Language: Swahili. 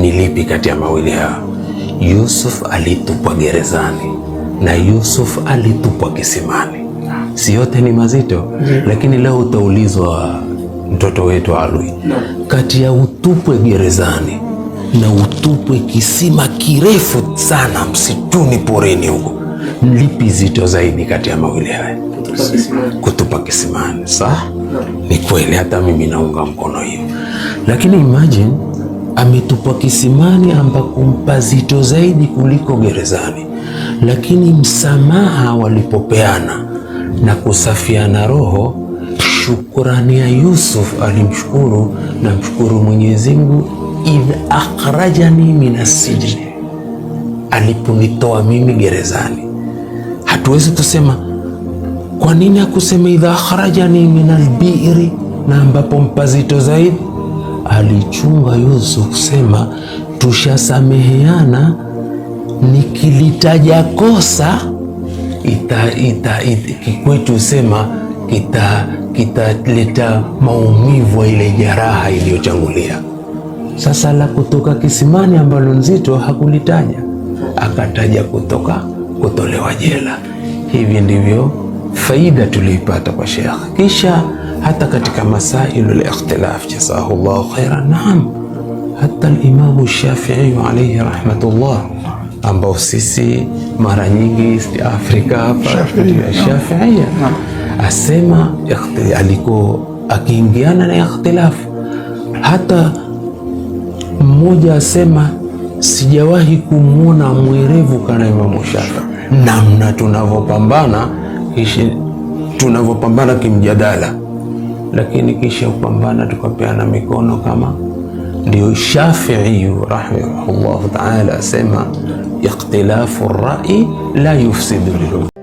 ni lipi kati ya mawili hayo? Yusuf alitupwa gerezani na Yusuf alitupwa kisimani. Si yote ni mazito mm. Lakini leo utaulizwa mtoto wetu Alwi no. Kati ya utupwe gerezani na utupwe kisima kirefu sana msituni porini huko, lipi zito zaidi kati ya mawili haya? Kutupa kisimani, sawa? No. Ni kweli, hata mimi naunga mkono hiyo, lakini imagine ametupwa kisimani ambako mpazito zaidi kuliko gerezani, lakini msamaha walipopeana na kusafiana roho, shukurani ya Yusuf alimshukuru na mshukuru Mwenyezi Mungu, idh akhrajani minasijni, aliponitoa mimi gerezani. Hatuwezi kusema kwa nini akusema idha akhrajani minalbiri, na ambapo mpazito zaidi alichunga Yusufu kusema tushasameheana, nikilitaja kosa ita, ita, ita, kikwetu sema kitaleta kita maumivu ile jeraha iliyochangulia. Sasa la kutoka kisimani ambalo nzito hakulitaja, akataja kutoka kutolewa jela. Hivi ndivyo faida tuliipata kwa Shekhe kisha hata katika masailu likhtilaf, jazahullahu khairan. Naam, hata limamu Shafi'i alayhi rahmatullah, ambao sisi mara nyingi East Africa hapa Shafi'i asema aliko akiingiana na ikhtilaf, hata mmoja asema sijawahi kumwona mwerevu kana Imamu Shafi'i, namna tunavyopambana tunavopambana kimjadala lakini kisha kupambana tukapeana mikono kama ndio Shafi'i rahimahullahu ta'ala asema, ikhtilafu rai la yufsidu lil